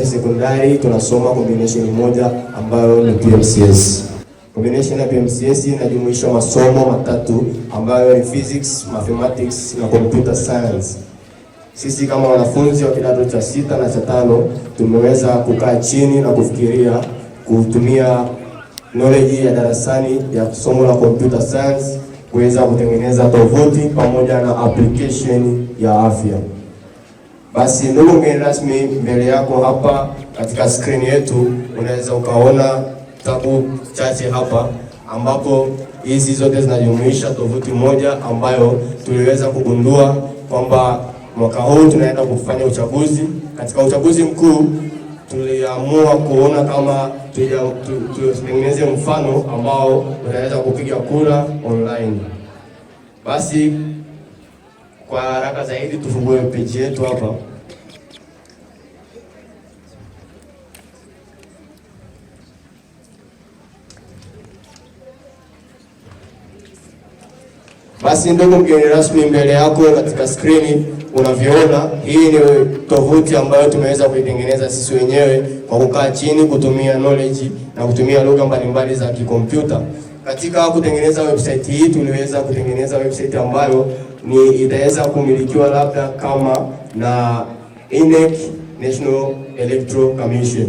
Sekondari tunasoma combination moja ambayo ni PMCS. Combination ya PMCS inajumuisha masomo matatu ambayo ni physics, mathematics na computer science. Sisi kama wanafunzi wa kidato cha sita na cha tano tumeweza kukaa chini na kufikiria kutumia knowledge ya darasani ya somo la computer science kuweza kutengeneza tovuti pamoja na application ya afya. Basi ndugu mgeni rasmi, mbele yako hapa katika skrini yetu unaweza ukaona tabu chache hapa, ambapo hizi zote zinajumuisha tovuti moja ambayo tuliweza kugundua kwamba mwaka huu tunaenda kufanya uchaguzi. Katika uchaguzi mkuu tuliamua kuona kama tutengeneze mfano ambao unaweza kupiga kura online. Basi kwa haraka zaidi tufungue peji yetu hapa. Basi ndugu mgeni rasmi, mbele yako katika skrini unavyoona, hii ni tovuti ambayo tumeweza kuitengeneza sisi wenyewe kwa kukaa chini, kutumia knowledge na kutumia lugha mbalimbali za kikompyuta. Katika kutengeneza website hii, tuliweza kutengeneza website ambayo ni itaweza kumilikiwa labda kama na INEC National Electro Commission.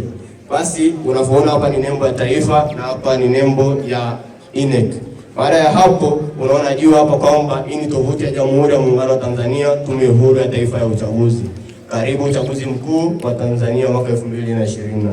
Basi unavyoona hapa ni nembo ya taifa na hapa ni nembo ya INEC. Baada ya hapo unaona juu hapa kwamba hii ni tovuti ya Jamhuri ya Muungano wa Tanzania, Tume Huru ya Taifa ya Uchaguzi. Karibu uchaguzi mkuu wa Tanzania mwaka 2025.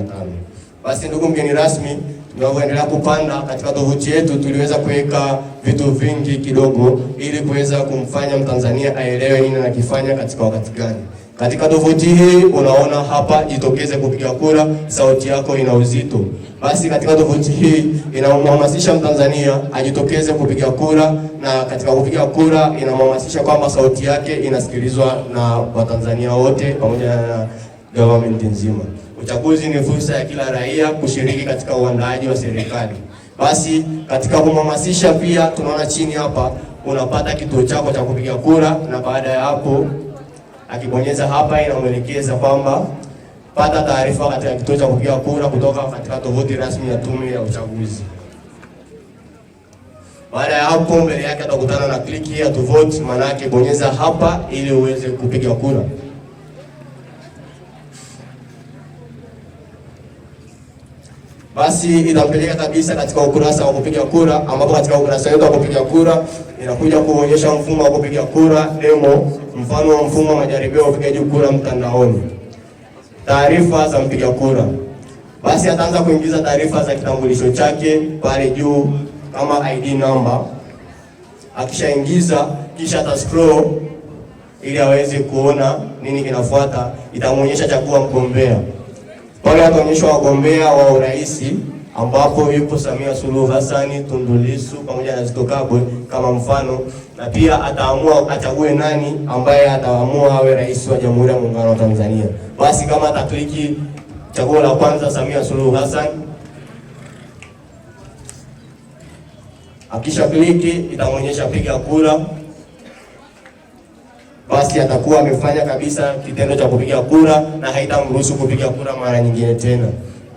Basi ndugu mgeni rasmi tunavyoendelea kupanda katika tovuti yetu, tuliweza kuweka vitu vingi kidogo, ili kuweza kumfanya Mtanzania aelewe nini anakifanya katika wakati gani. Katika tovuti hii unaona hapa, jitokeze kupiga kura, sauti yako ina uzito. Basi katika tovuti hii inamhamasisha Mtanzania ajitokeze kupiga kura, na katika kupiga kura inamhamasisha kwamba sauti yake inasikilizwa na Watanzania wote pamoja na government nzima. Uchaguzi ni fursa ya kila raia kushiriki katika uandaaji wa serikali. Basi katika kuhamasisha pia tunaona chini hapa unapata kituo chako cha kupiga kura, na baada ya hapo akibonyeza hapa inamwelekeza kwamba pata taarifa katika kituo cha kupiga kura kutoka katika tovuti rasmi ya Tume ya Uchaguzi. Baada ya hapo, mbele yake atakutana na click here to vote, maana yake bonyeza hapa ili uweze kupiga kura. basi inampeleka kabisa katika ukurasa wa kupiga kura, ambapo katika ukurasa wetu wa kupiga kura inakuja kuonyesha mfumo wa kupiga kura demo, mfano wa mfumo wa majaribio wa upigaji kura mtandaoni, taarifa za mpiga kura. Basi ataanza kuingiza taarifa za kitambulisho chake pale juu kama ID number. Akishaingiza kisha ata scroll ili aweze kuona nini kinafuata, itamwonyesha chakua mgombea pale wataonyeshwa wagombea wa urais ambapo yupo Samia Suluhu Hassan, Tundu Lissu pamoja na Zitto Kabwe kama mfano, na pia ataamua achague nani ambaye ataamua awe rais wa Jamhuri ya Muungano wa Tanzania. Basi kama atakliki chaguo la kwanza Samia Suluhu Hassan, akisha kliki itamwonyesha piga kura basi atakuwa amefanya kabisa kitendo cha kupiga kura na haitamruhusu kupiga kura mara nyingine tena.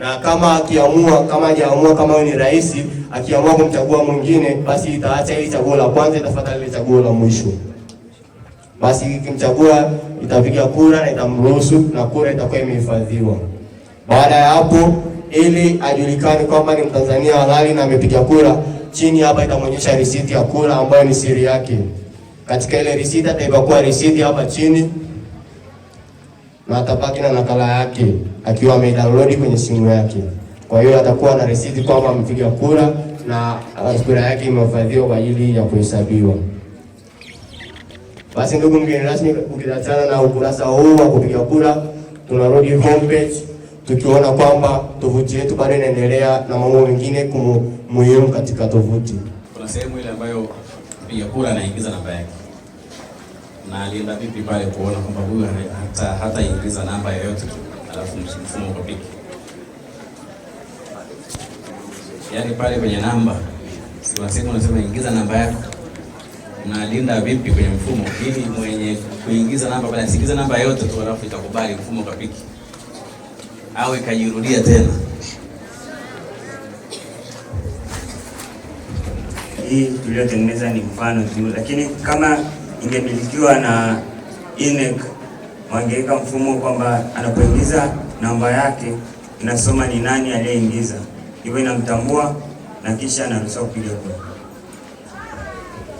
Na kama akiamua, kama hajaamua, kama yeye ni rais akiamua kumchagua mwingine, basi itaacha ile chaguo la kwanza, itafuata ile chaguo la mwisho. Basi ikimchagua itapiga kura na itamruhusu, na kura itakuwa imehifadhiwa. Baada ya hapo, ili ajulikane kwamba ni Mtanzania halali na amepiga kura, chini hapa itamwonyesha risiti ya kura ambayo ni siri yake katika ile risiti, ataipakuwa risiti hapa chini na atapaki na nakala yake akiwa ameidownload kwenye simu yake. Kwa hiyo atakuwa na risiti kwamba amepiga kura na kura yake imehifadhiwa kwa ajili ya kuhesabiwa. Basi ndugu mgeni rasmi, ukiachana na ukurasa huu wa kupiga kura, tunarudi homepage tukiona kwamba tovuti yetu bado inaendelea na mambo mengine muhimu katika tovuti. Kuna sehemu ile ambayo mpiga kura anaingiza namba yake, na alienda vipi pale kuona kwamba huyu hata hataingiza namba yoyote, alafu mfumo ukapiki. Yaani pale kwenye namba siwasimu, unasema ingiza namba yako, nalinda vipi kwenye mfumo ili mwenye kuingiza namba pale asiingize namba yoyote tu, alafu itakubali mfumo piki au ikajirudia tena. hii tuliotengeneza ni mfano tu, lakini kama ingemilikiwa na INEC wangeweka mfumo kwamba anapoingiza namba yake inasoma ni nani aliyeingiza, hivyo inamtambua na kisha anaruhusiwa kupiga kura.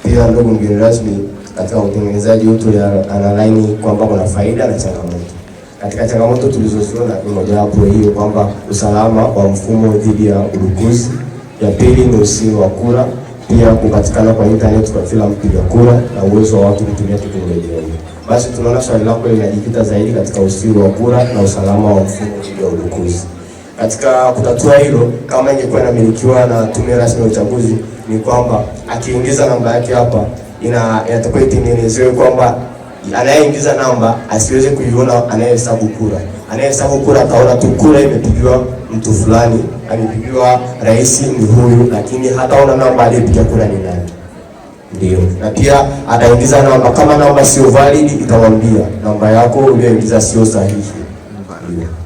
Pia ndugu mgeni rasmi, katika utengenezaji huu analaini kwamba kuna faida na changamoto. Katika changamoto tulizoziona ni mojawapo hiyo kwamba usalama wa mfumo dhidi ya udukuzi, ya pili ni usiri wa kura pia kupatikana kwa internet kwa kila mpiga kura na uwezo wa watu kutumia teknolojia hiyo. Basi tunaona swali lako linajikita zaidi katika usiri wa kura na usalama wa mfumo wa udukuzi. Katika kutatua hilo, kama ingekuwa inamilikiwa na tume rasmi ya uchaguzi, ni kwamba akiingiza namba yake hapa, inatakiwa itengenezewe kwamba anayeingiza namba asiweze kuiona anayehesabu kura anayehesabu kura ataona tu kura imepigiwa mtu fulani, amepigiwa rais ni huyu, lakini hataona namba aliyepiga kura ni nani. Ndio, na pia ataingiza namba. Kama namba sio valid, itamwambia namba yako uliyoingiza sio sahihi. Ndio.